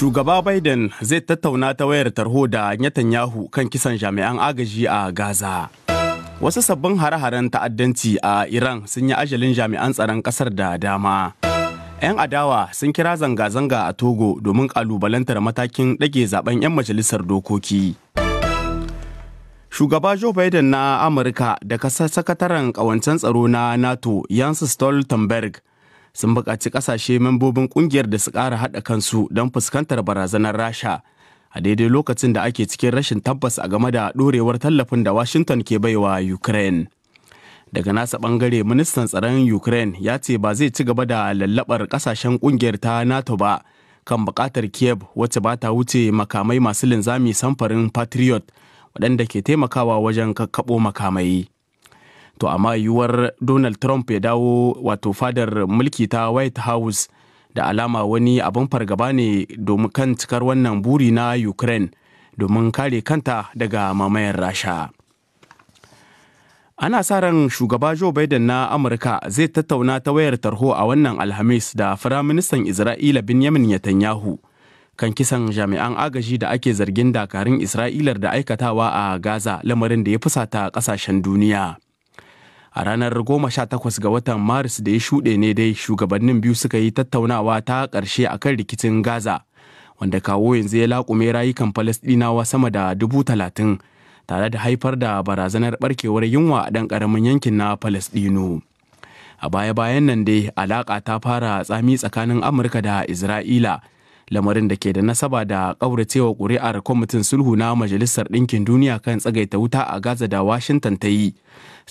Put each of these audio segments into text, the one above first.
Shugaba Biden zai tattauna ta wayar tarho da Netanyahu kan kisan jami'an agaji a Gaza. Wasu sabbin hare-haren ta'addanci a Iran sun yi ajalin jami'an tsaron ƙasar da dama. 'Yan adawa sun kira zanga-zanga a Togo domin ƙalubalantar matakin ɗage zaben 'yan majalisar dokoki. Shugaba Joe Biden na Amurka da kasar sakataren ƙawancen tsaro na NATO Jens Stoltenberg sun buƙaci ƙasashe membobin ƙungiyar da su ƙara haɗa kansu don fuskantar barazanar rasha a daidai lokacin da ake cikin rashin tabbas a game da ɗorewar tallafin da washington ke baiwa ukraine daga nasa ɓangare ministan tsaron ukraine ya ce ba zai ci gaba da lallaɓar ƙasashen ƙungiyar ta nato ba kan buƙatar kiev wacce ba ta wuce makamai masu linzami samfarin patriot waɗanda ke taimakawa wajen kakkaɓo makamai to amma yiwuwar donald trump ya dawo wato fadar mulki ta white house da alama wani abin fargaba ne domin kan cikar wannan buri na ukraine domin kare kanta daga mamayar rasha ana sa ran shugaba joe biden na amurka zai tattauna ta wayar tarho a wannan alhamis da firaministan isra'ila benjamin netanyahu kan kisan jami'an agaji da ake zargin dakarun isra'ilar da aikatawa a gaza lamarin da ya fusata kasashen duniya a ranar 18 ga watan maris da ya shuɗe ne dai shugabannin biyu suka yi tattaunawa ta ƙarshe a kan rikicin gaza wanda kawo yanzu ya laƙume rayukan falasɗinawa sama da dubu talatin tare da haifar da barazanar barkewar yunwa a ɗan ƙaramin yankin na falasɗinu a baya-bayan nan dai alaƙa ta fara tsami tsakanin amurka da isra'ila lamarin da ke da nasaba da ƙauracewa ƙuri'ar kwamitin sulhu na majalisar ɗinkin duniya kan tsagaita wuta a gaza da washington ta yi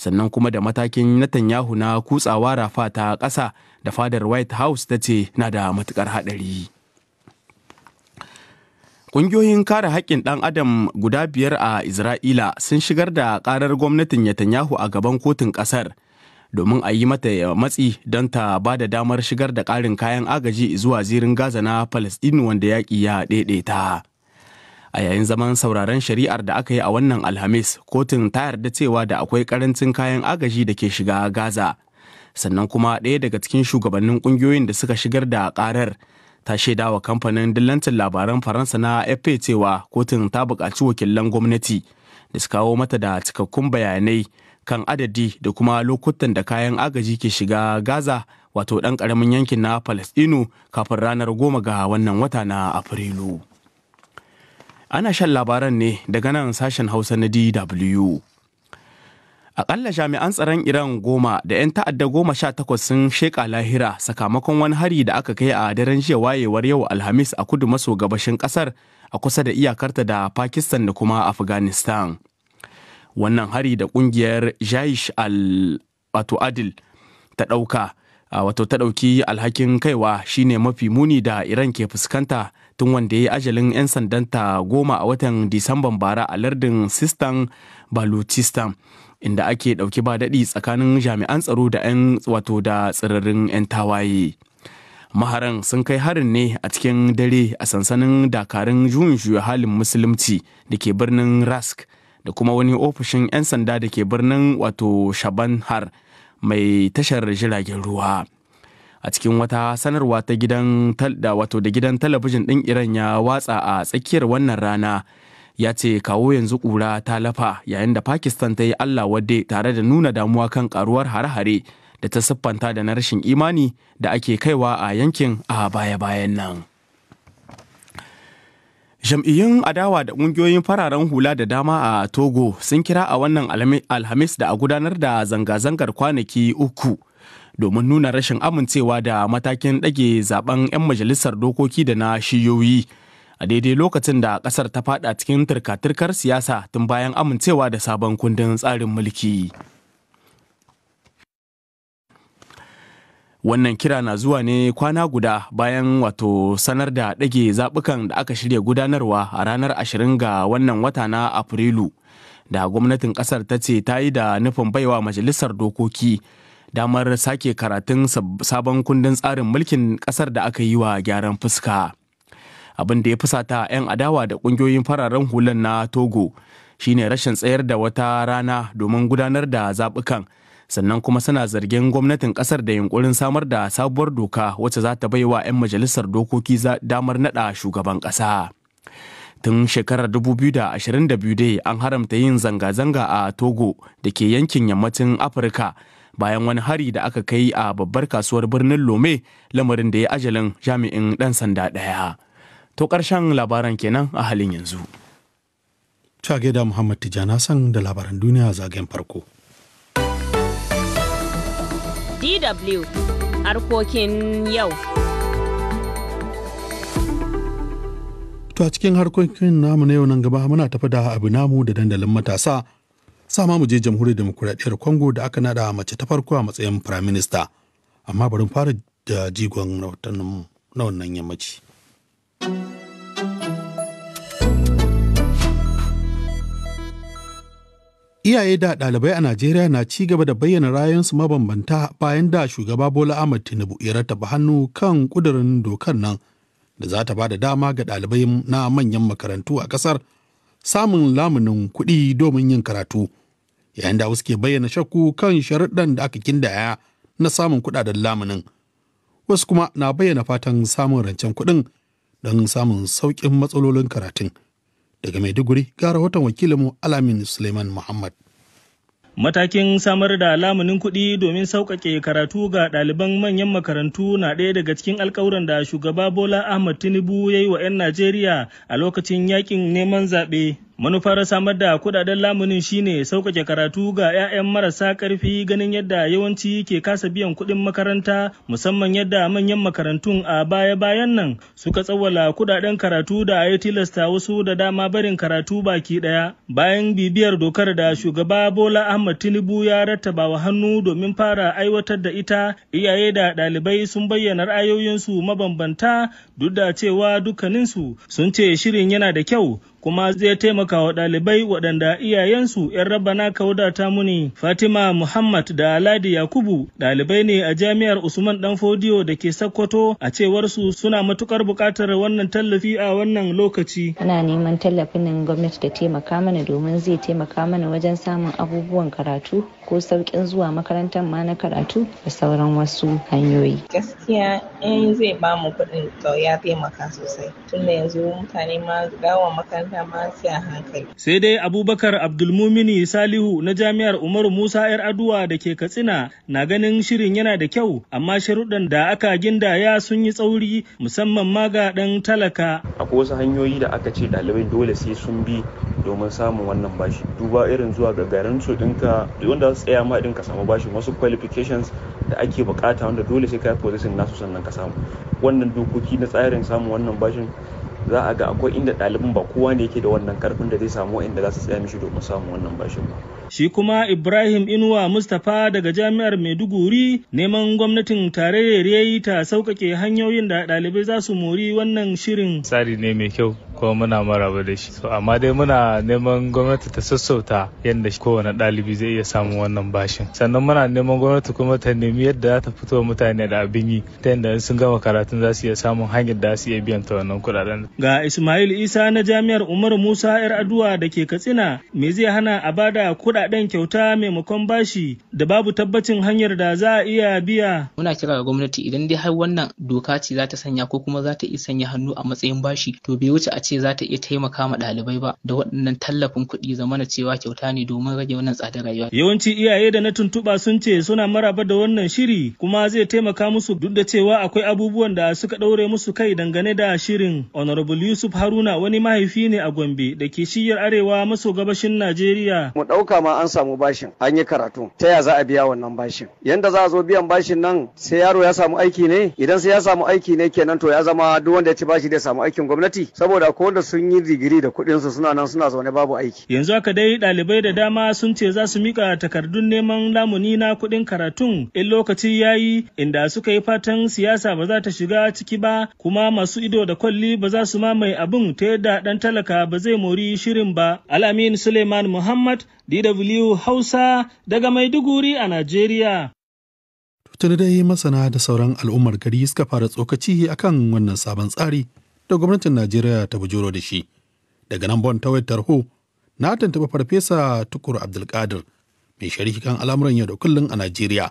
sannan kuma da matakin Netanyahu na kutsawa rafa ta ƙasa da fadar White House ta ce na da matukar haɗari. Ƙungiyoyin kare haƙƙin ɗan adam guda biyar a Isra'ila sun shigar da ƙarar gwamnatin Netanyahu a gaban kotun ƙasar domin a yi mata matsi don ta ba da damar shigar da ƙarin kayan agaji zuwa zirin Gaza na Falasɗinu wanda yaƙi ya ɗaiɗaita. a yayin zaman sauraron shari'ar da aka yi a wannan alhamis kotun ta yarda cewa da akwai karancin kayan agaji da ke shiga gaza sannan kuma ɗaya daga cikin shugabannin ƙungiyoyin da suka shigar da ƙarar ta shaida wa kamfanin dillancin labaran faransa na fp cewa kotun ta buƙaci wakilan gwamnati da su kawo mata da cikakkun bayanai kan adadi da kuma lokutan da kayan agaji ke shiga gaza wato ɗan ƙaramin yankin na palestino kafin ranar goma ga wannan wata na afrilu. Ana shan labaran ne daga nan sashen Hausa na DW. aƙalla jami'an tsaron Iran goma da 'yan ta'adda goma sha takwas sun sheƙa lahira sakamakon wani hari da aka kai a daren jiya wayewar yau Alhamis a kudu maso gabashin ƙasar a kusa da iyakarta da Pakistan da kuma Afghanistan. Wannan hari da ƙungiyar Jaish al-Adil ta ɗauka wato ta ɗauki alhakin kaiwa shine mafi muni da Iran ke fuskanta tun wanda ya yi ajalin 'yan sandanta goma a watan disamban bara a lardin sistan baluchistan inda ake ɗauki ba daɗi tsakanin jami'an tsaro da 'yan wato da tsirarin 'yan tawaye maharan sun kai harin ne a cikin dare a sansanin dakarun juyin juya halin musulunci da ke birnin rask da kuma wani ofishin 'yan sanda da ke birnin wato shaban har mai tashar jiragen ruwa. a cikin wata sanarwa ta gidan da wato da gidan talabijin ɗin iran ya watsa a tsakiyar wannan rana ya ce kawo yanzu ƙura ta lafa yayin da pakistan ta yi allah wadde tare da nuna damuwa kan karuwar hare-hare da ta siffanta da na rashin imani da ake kaiwa a yankin a baya-bayan nan jam'iyyun adawa da ƙungiyoyin fararen hula da dama a togo sun kira a wannan alhamis da a gudanar da zanga-zangar kwanaki uku domin nuna rashin amincewa da matakin ɗage zaben 'yan majalisar dokoki da na shiyoyi a daidai lokacin da ƙasar ta fada cikin turka siyasa tun bayan amincewa da sabon kundin tsarin mulki. wannan kira na zuwa ne kwana guda bayan wato sanar da ɗage zaɓukan da aka shirya gudanarwa a ranar 20 ga wannan wata na afrilu da gwamnatin ƙasar ta ce ta yi da nufin baiwa majalisar dokoki damar sake karatun sabon kundin tsarin mulkin kasar da aka yi wa gyaran fuska abin da ya fusata 'yan adawa da kungiyoyin fararen hulan na togo shine rashin tsayar da wata rana domin gudanar da zaɓukan sannan kuma suna zargin gwamnatin kasar da yunkurin samar da sabuwar doka wacce za ta bai wa 'yan majalisar dokoki damar naɗa shugaban ƙasa. tun shekarar 2022 an haramta yin zanga-zanga a togo da ke yankin yammacin afirka bayan wani hari da aka kai a babbar kasuwar birnin lome lamarin da ya ajalin jami'in ɗan sanda ɗaya to karshen labaran kenan a halin yanzu Tage da Muhammad tijana san da labaran duniya zagayen farko. DW harkokin yau. To a cikin harkokin namu na yau nan gaba muna tafi da abu namu da dandalin matasa sama mu je jamhuriyar demokuraɗiyyar congo da aka naɗa mace ta farko a matsayin prime minister amma bari fara da jigon rahotannin na wannan yammaci iyaye da ɗalibai a najeriya na ci gaba da bayyana rayuwarsu mabambanta bayan da shugaba bola ahmad tinubu ya rattaba hannu kan ƙudurin dokar nan da za ta ba da dama ga ɗalibai na manyan makarantu a ƙasar samun lamunin kuɗi domin yin karatu yayin da wasu ke bayyana shakku kan sharuɗan da aka kindaya na samun kuɗaɗen lamunin wasu kuma na bayyana fatan samun rancen kuɗin don samun sauƙin matsalolin karatun daga maiduguri ga rahoton wakilinmu alamin suleiman muhammad Matakin samar da lamunin kuɗi domin sauƙaƙe karatu ga ɗaliban manyan makarantu na ɗaya daga cikin alkawuran da shugaba Bola Ahmad Tinubu ya yi wa 'yan Najeriya a lokacin yakin neman zaɓe. Manufar samar da kudaden lamunin shine sauƙaƙe karatu ga 'ya'yan marasa ƙarfi ganin yadda yawanci ke kasa biyan kuɗin makaranta musamman yadda manyan makarantun a baya-bayan nan suka tsawwala kudaden karatu da ya tilasta wasu da dama barin karatu baki ɗaya bayan bibiyar dokar da shugaba Bola Ahmad Tinubu ya rattaba wa hannu domin fara aiwatar da ita iyaye da ɗalibai sun bayyana ra'ayoyinsu mabambanta duk da cewa dukkaninsu sun ce shirin yana da kyau kuma zai taimaka wa ɗalibai waɗanda iyayensu ‘yan rabana ka wadata muni Fatima Muhammad da Aladi Yakubu ɗalibai ne a jami'ar Usman Dan Fodiyo da ke Sokoto a cewar su suna matukar buƙatar wannan tallafi a wannan lokaci. Ana neman tallafin nan gwamnati da taimaka mana domin zai taimaka mana wajen samun abubuwan karatu ko sauƙin zuwa makarantar ma na karatu da sauran wasu hanyoyi. Gaskiya in zai ba mu kuɗin ya taimaka sosai tunda yanzu mutane ma gawa Sai dai Abubakar Abdulmumini Salihu na Jami'ar Umaru Musa 'yar Aduwa da ke Katsina na ganin shirin yana da kyau amma sharuɗan da aka gindaya sun yi tsauri musamman ma ga ɗan talaka. Akwai wasu hanyoyi da aka ce ɗalibai dole sai sun bi domin samun wannan bashi duba irin zuwa ga garin su ɗinka wanda za su tsaya ma ɗinka samu bashi wasu qualifications da ake bukata wanda dole sai ka yi nasu sannan ka samu wannan dokoki na tsarin samun wannan bashin za a ga akwai inda ɗalibin ba kowa ne yake da wannan karfin da zai samu inda za su tsaya mishi domin samun wannan bashin ba Shi kuma Ibrahim Inuwa Mustapha daga Jami'ar Maiduguri neman gwamnatin tarayyar yayi ta sauƙaƙe hanyoyin da ɗalibai za su mori wannan shirin. Tsari ne mai kyau kuma muna maraba da shi. amma dai muna neman gwamnati ta sassauta yadda kowane ɗalibi zai iya samun wannan bashin. Sannan muna neman gwamnati kuma ta nemi yadda za ta fito mutane da abin yi ta yadda sun gama karatun za su iya samun hanyar da su iya biyan ta wannan kuɗaɗen. Ga Ismail Isa na Jami'ar Umar Musa 'yar Aduwa da ke Katsina me zai hana a bada kuɗa kuɗaɗen kyauta maimakon bashi da babu tabbacin hanyar da za a iya biya. Muna kira ga gwamnati idan dai har wannan doka ce za ta sanya ko kuma za ta iya sanya hannu a matsayin bashi to bai wuce a ce za ta iya taimaka ma ɗalibai ba da waɗannan tallafin kuɗi zamana cewa kyauta ne domin rage wannan tsadar rayuwa. Yawanci iyaye da na tuntuɓa sun ce suna maraba da wannan shiri kuma zai taimaka musu duk da cewa akwai abubuwan da suka ɗaure musu kai dangane da shirin. Honorable Yusuf Haruna wani mahaifi ne a Gombe da ke shiyar arewa maso gabashin Najeriya. Mu ɗauka ma an samu bashin an yi karatu ta ya za a biya wannan bashin yanda za a zo biyan bashin nan sai yaro ya samu aiki ne idan sai ya samu aiki ne kenan to ya zama duk wanda ya ci bashi zai samu aikin gwamnati saboda ko wanda sun yi digiri da kuɗin su suna nan suna zaune babu aiki yanzu haka dai ɗalibai da dama sun ce za su mika takardun neman lamuni na kuɗin karatun in lokaci ya yi inda suka yi fatan siyasa ba za ta shiga ciki ba kuma masu ido da kwalli ba za su mamaye abin ta yadda ɗan talaka ba zai mori shirin ba alamin suleiman muhammad DW Hausa daga Maiduguri a Najeriya. Tuni dai masana da sauran al'ummar gari suka fara tsokaci akan wannan sabon tsari da gwamnatin Najeriya ta bujuro da shi. Daga nan bon tawayar tarho na tantaba farfesa tukur Abdulkadir mai sharhi kan al'amuran yau da kullum a Najeriya.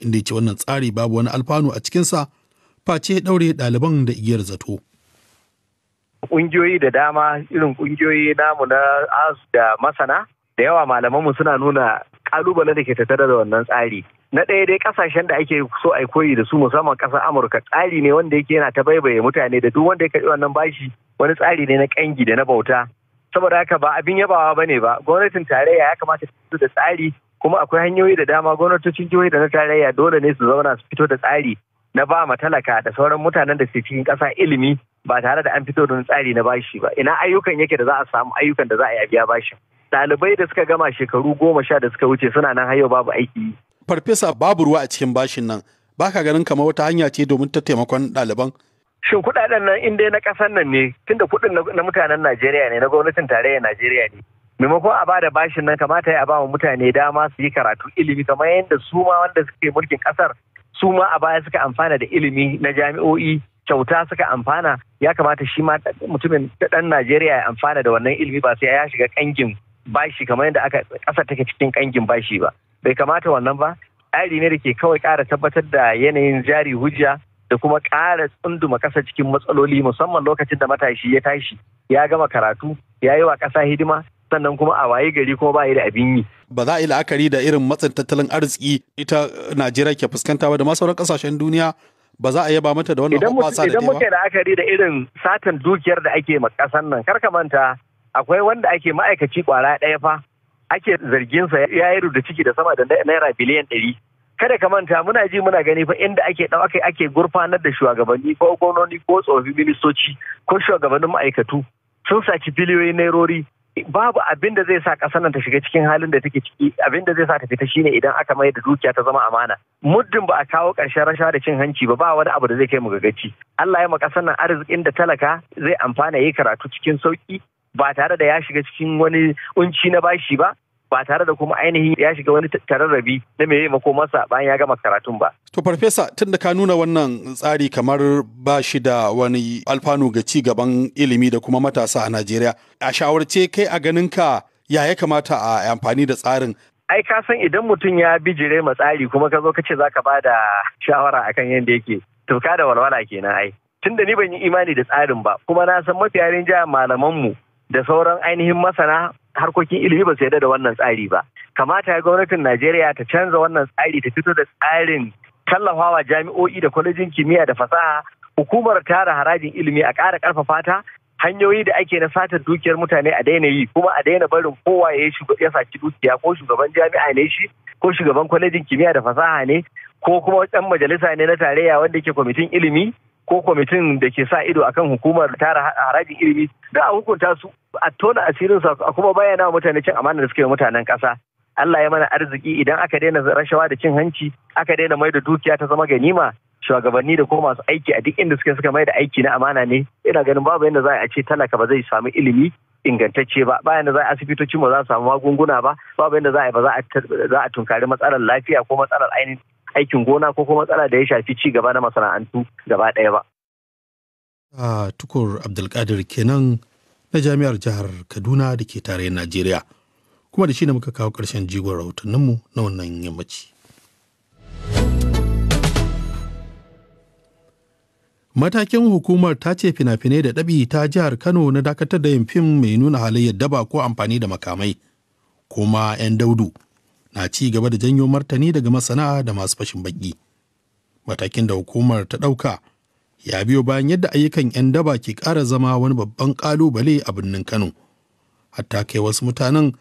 Inda ce wannan tsari babu wani alfanu a cikinsa face ɗaure ɗaliban da igiyar zato. Ƙungiyoyi da dama irin ƙungiyoyi namu na da masana da yawa malamanmu suna nuna kalubale da ke tattare da wannan tsari na ɗaya dai kasashen da ake so a koyi da su musamman ƙasar amurka tsari ne wanda yake yana ta baibaye mutane da duk wanda ya karɓi wannan bashi wani tsari ne na ƙangi da na bauta saboda haka ba abin yabawa ba ne ba gwamnatin tarayya ya kamata ta fito da tsari kuma akwai hanyoyi da dama gwamnatocin jihohi da na tarayya dole ne su zauna su fito da tsari na ba ma talaka da sauran mutanen da ke cikin ƙasa ilimi ba tare da an fito da tsari na bashi ba ina ayyukan yake da za a samu ayyukan da za a yi a biya bashin ɗalibai da suka gama shekaru goma sha da suka wuce suna nan hayo babu aiki. Farfesa babu ruwa a cikin bashin nan ba ka ganin kamar wata hanya ce domin ta taimakon ɗaliban. Shin kuɗaɗen nan in dai na ƙasar nan ne tunda kuɗin na mutanen Najeriya ne na gwamnatin tarayyar Najeriya ne. Maimakon a bada bashin nan kamata ya ba mutane dama su yi karatu ilimi kamar yadda su ma wanda suke mulkin ƙasar su ma a baya suka amfana da ilimi na jami'o'i kyauta suka amfana ya kamata shi ma mutumin ɗan Najeriya ya amfana da wannan ilimi ba sai ya shiga ƙangin. bashi kamar yadda aka ƙasa take cikin ƙangin bashi ba bai kamata wannan ba tsari ne da ke kawai ƙara tabbatar da yanayin jari hujja da kuma ƙara tsunduma ƙasa cikin matsaloli musamman lokacin da matashi ya tashi ya gama karatu ya yi wa ƙasa hidima sannan kuma a waye gari kuma ba da abin yi. Ba za a yi la'akari da irin matsin tattalin arziki ita Najeriya ke fuskanta ba da masu sauran ƙasashen duniya ba za a yaba mata da wannan hoɓɓasa da Idan muke la'akari da irin satan dukiyar da ake ma ƙasar nan kar ka manta akwai wanda ake ma'aikaci kwara ɗaya fa ake zarginsa ya yi da ciki da sama da naira biliyan ɗari kada ka manta muna ji muna gani fa inda ake ɗau ake ake gurfanar da shugabanni ko gwamnoni ko tsofi ministoci ko shugabannin ma'aikatu sun saci biliyoyin nairori babu abin da zai sa ƙasar nan ta shiga cikin halin da take ciki abin da zai sa ta fita shine idan aka mai da dukiya ta zama amana muddin ba a kawo ƙarshen rashawa da cin hanci ba ba wani abu da zai kai mu gaci. Allah ya ma ƙasar nan arzikin da talaka zai amfana yayi karatu cikin sauki ba tare da ya shiga cikin wani kunci na bashi ba ba tare da kuma ainihin ya shiga wani tararrabi na mai mako masa bayan ya gama karatun ba. To farfesa tun da ka nuna wannan tsari kamar ba shi da wani alfanu ga ci gaban ilimi da kuma matasa a Najeriya. A shawarce kai a ganin ka ya ya kamata a amfani da tsarin ai ka san idan mutum ya bijire ma tsari kuma ka zo ka ce za ka ba da shawara akan yadda yake to ka da walwala kenan ai tunda ni ban yi imani da tsarin ba kuma na san mafi yarin malaman mu. da sauran ainihin masana harkokin ilimi ba su yarda da wannan tsari ba kamata ya gwamnatin najeriya ta canza wannan tsari ta fito da tsarin tallafawa jami'o'i da kwalejin kimiyya da fasaha hukumar tara harajin ilimi a ƙara ƙarfafa ta hanyoyi da ake na satar dukiyar mutane a daina yi kuma a daina barin kowa ya ya saci dukiya ko shugaban jami'a ne shi ko shugaban kwalejin kimiyya da fasaha ne ko kuma ɗan majalisa ne na tarayya wanda ke kwamitin ilimi ko kwamitin da ke sa ido akan hukumar tara harajin ilimi da a hukunta su a tona asirin su a kuma bayyana wa mutane cin amana da suke mutanen kasa Allah ya mana arziki idan aka daina rashawa da cin hanci aka daina mai da dukiya ta zama ganima shugabanni da kuma masu aiki a duk inda suke suka mai da aiki na amana ne ina ganin babu yadda za a ce talaka ba zai samu ilimi ingantacce ba bayan da za a asibitoci ba za a samu magunguna ba babu yadda za a ba za a tunkari matsalar lafiya ko matsalar ainihin aikin gona ko kuma matsala da ya shafi ci gaba na masana'antu gaba ɗaya ba. a tukur abdulkadir kenan na jami'ar jihar kaduna da ke tarayyar najeriya kuma da shi ne muka kawo ƙarshen jigon rahotanninmu na wannan yammaci. matakin hukumar ta ce fina-finai da ɗabi ta jihar kano na dakatar da yin fim mai nuna halayyar daba ko amfani da makamai kuma 'yan daudu na ci gaba da janyo martani daga masana da masu fashin baki matakin da hukumar ta ɗauka ya biyo bayan yadda ayyukan 'yan daba ke ƙara zama wani babban ƙalubale a birnin kano hatta kai wasu mutanen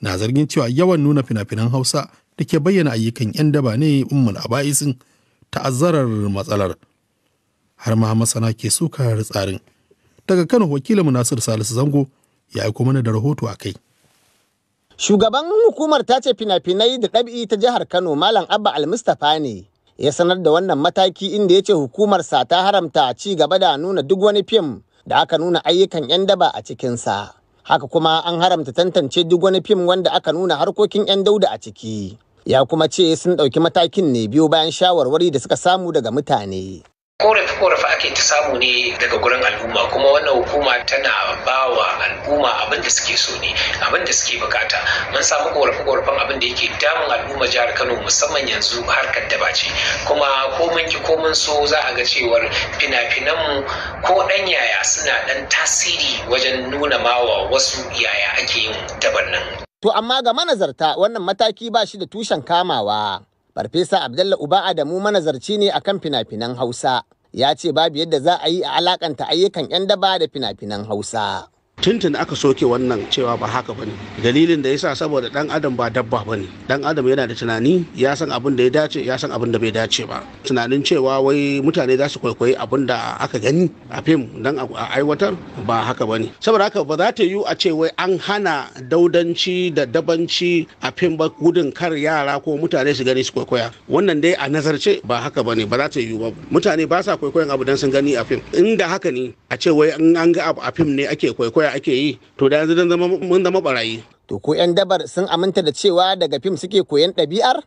na zargin cewa yawan nuna fina-finan hausa da ke bayyana ayyukan 'yan daba ne ummul aba'isin ta'azzarar matsalar har ma masana ke sukar tsarin daga kano wakilin nasir salisu zango ya aiko mana da rahoto a kai Shugaban hukumar ta ce fina-finai da ɗabi'i ta jihar Kano Malam Abba Almustapha ne ya sanar da wannan mataki inda ya ce hukumarsa ta haramta ci gaba da nuna duk wani fim da aka nuna ayyukan 'yan daba a cikinsa. Haka kuma an haramta tantance duk wani fim wanda aka nuna harkokin 'yan dauda a ciki. Ya kuma ce sun ɗauki matakin ne biyo bayan shawarwari da suka samu daga mutane. ake ta samu ne daga gurin al'umma kuma wannan hukuma tana ba wa al'umma abin da suke so ne abin da suke bukata mun samu korafi korafin abin da yake damun al'umma jihar kano musamman yanzu harkar da ce kuma ko mun ki ko mun so za a ga cewar fina mu ko dan yaya suna dan tasiri wajen nuna mawa wasu yaya ake yin dabar To amma ga manazarta wannan mataki ba shi da tushen kamawa. Farfesa Abdalla Uba Adamu manazarci ne akan fina-finan Hausa. ya ce babu yadda za a yi a alakanta ayyukan 'yan daba da fina-finan hausa tuntun aka soke wannan cewa ba haka bane dalilin da yasa saboda dan adam ba dabba bane dan adam yana da tunani ya san abin da ya dace ya san abin da bai dace ba tunanin cewa wai mutane za su kwaikwayi abin da aka gani a fim dan a aiwatar ba haka bane saboda haka ba za ta yiwu a ce wai an hana daudanci da dabanci a fim ba gudun kar yara ko mutane su gani su kwaikwaya wannan dai a nazarce ba haka bane ba za ta yiwu ba mutane ba sa kwaikwayon abu dan sun gani a fim inda haka ne a ce wai an ga abu a fim ne ake kwaikwaya ake yi to da yanzu mun zama barayi. To ko 'yan dabar sun aminta da cewa daga fim suke koyan ɗabi'ar?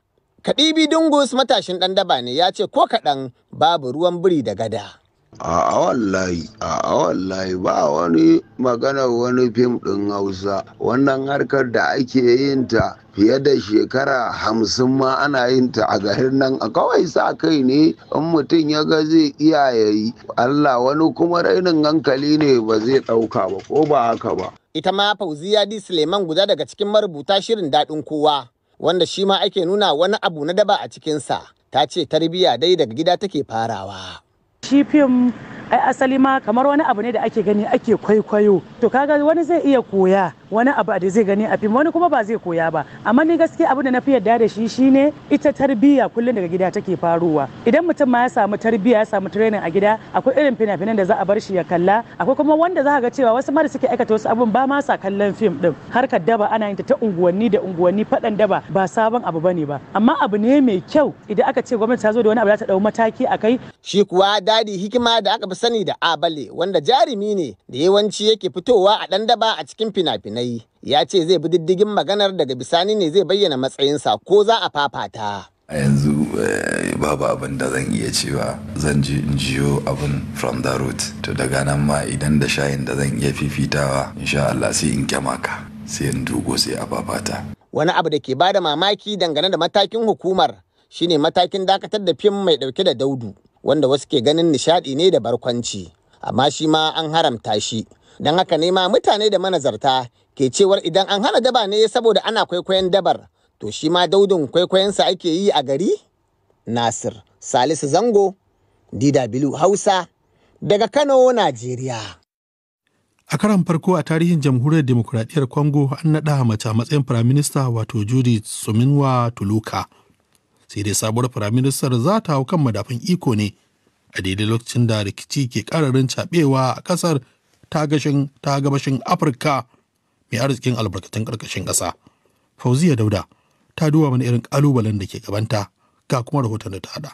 Kaɗibi Dungus matashin ɗan daba ne ya ce ko kaɗan babu ruwan biri da gada. a wallahi ba wani maganar wani fim ɗin hausa wannan harkar da ake yin ta fiye da shekara hamsin ma ana yin ta a garin nan a kawai sa kai ne in mutum ya ga zai iya yayi allah wani kuma rainin hankali ne ba zai ɗauka ba ko ba haka ba ita ma fauziya di suleiman guda daga cikin marubuta shirin daɗin kowa wanda shi ma ake nuna wani abu na daba a cikinsa ta ce tarbiyya dai daga gida take farawa shi fim ai asali ma kamar wani abu ne da ake gani ake kwaikwayo to kaga wani zai iya koya wani abu da zai gani a fim wani kuma ba zai koya ba amma ni gaskiya abu da na fi yarda da shi shine ita tarbiyya kullum daga gida take faruwa idan mutum ma ya samu tarbiyya ya samu training a gida akwai irin fina-finan da za a bar shi ya kalla akwai kuma wanda za ga cewa wasu ma suke aikata wasu abun ba ma sa kallon fim din harkar daba ana yin ta ta unguwanni da unguwanni faɗan daba ba sabon abu bane ba amma abu ne mai kyau idan aka ce gwamnati ta zo da wani abu za ta dau mataki akai shi kuwa dadi hikima da aka fi sani da abale wanda jarumi ne da yawanci yake fitowa a dan daba a cikin fina-finan na ya ce zai bi diddigin maganar daga bisani ne zai bayyana matsayinsa ko za a fafata a yanzu eh, babu abin da zan iya cewa zan ji jiyo abin from the root to daga nan ma idan da shayin da zan iya fifitawa insha Allah sai in ka sai in dugo sai a fafata wani abu da ke bada mamaki dangane da matakin hukumar shine matakin dakatar da fim mai dauke da daudu wanda wasu ke ganin nishadi ne da barkwanci amma shi ma an haramta shi don haka nema mutane da manazarta ke cewar idan an hana daba ne saboda ana kwaikwayon dabar to shi ma daudin kwaikwayonsa ake yi a gari nasir salisu zango dw hausa daga kano najeriya a karan farko a tarihin jamhuriyar demokuraɗiyyar congo an naɗa mace a matsayin firaminista wato judy Suminwa tuluka sai dai sabuwar firaministar za ta hau kan madafin iko ne a daidai lokacin da rikici ke ƙararin caɓewa a ƙasar ta gabashin afirka mai arzikin albarkatun karkashin ƙasa fauziya dauda ta duba mana irin ƙalubalen da ke gabanta ga kuma rahoton da ta haɗa.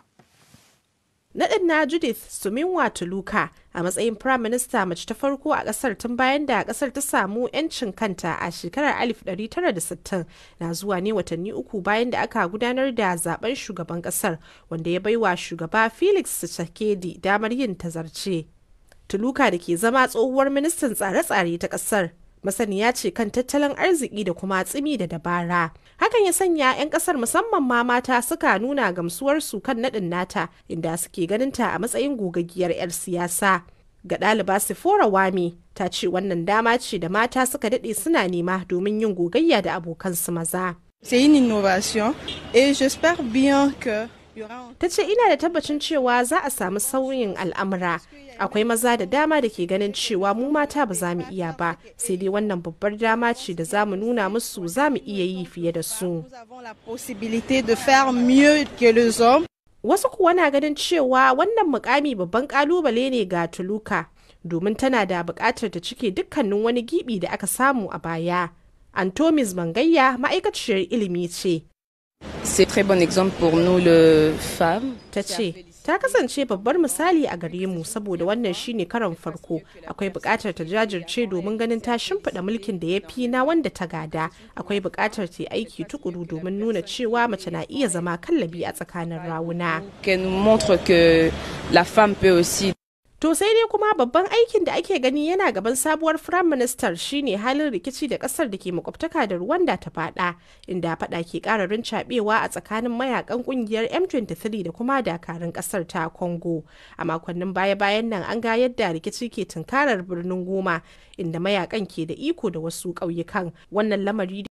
Naɗin na Judith Suminwa Tuluka a matsayin Prime Minister mace ta farko a ƙasar tun bayan da ƙasar ta samu 'yancin kanta a shekarar 1960 na zuwa ne watanni uku bayan da aka gudanar da zaben shugaban ƙasar wanda ya baiwa shugaba Felix Tshisekedi damar yin tazarce. Tuluka da ke zama tsohuwar ministan tsare-tsare ta ƙasar masaniya ce kan tattalin arziki da kuma tsimi da dabara hakan ya sanya 'yan kasar musamman ma mata suka nuna gamsuwarsu kan naɗin nata inda suke ganinta a matsayin gogaggiyar 'yar siyasa ga ɗaliba sifora wami ta ce wannan dama ce da mata suka daɗe suna nema domin yin gogayya da abokansu maza C'est une ta ce ina da tabbacin cewa za a samu sauyin al'amura akwai maza da dama da ke ganin cewa mu mata ba za mu iya ba sai dai wannan babbar dama ce da za mu nuna musu za mu iya yi fiye da su wasu kuwa na ganin cewa wannan mukami babban kalubale ne ga tuluka domin tana da bukatar ta cike dukkanin wani gibi da aka samu a baya antomis mangayya ma'aikaciyar ilimi ce Ta ce, ta kasance babbar misali a gare mu saboda wannan shine karon farko akwai bukatar ta jajirce domin ganin ta shimfiɗa mulkin da ya fi na wanda ta gada akwai bukatar ta aiki tukuru domin nuna cewa mace na iya zama kallabi a tsakanin rawuna. la To sai dai kuma babban aikin da ake gani yana gaban sabuwar Firayim Minister shine halin rikici da kasar da ke makwabtaka da Rwanda ta fada, inda fada ke kararin cabewa a tsakanin mayakan kungiyar M23 da kuma dakarun kasar ta Congo. A makonnin baya-bayan nan an ga yadda rikici ke tunkarar birnin Goma, inda mayakan ke da iko da wasu ƙauyukan. Wannan lamari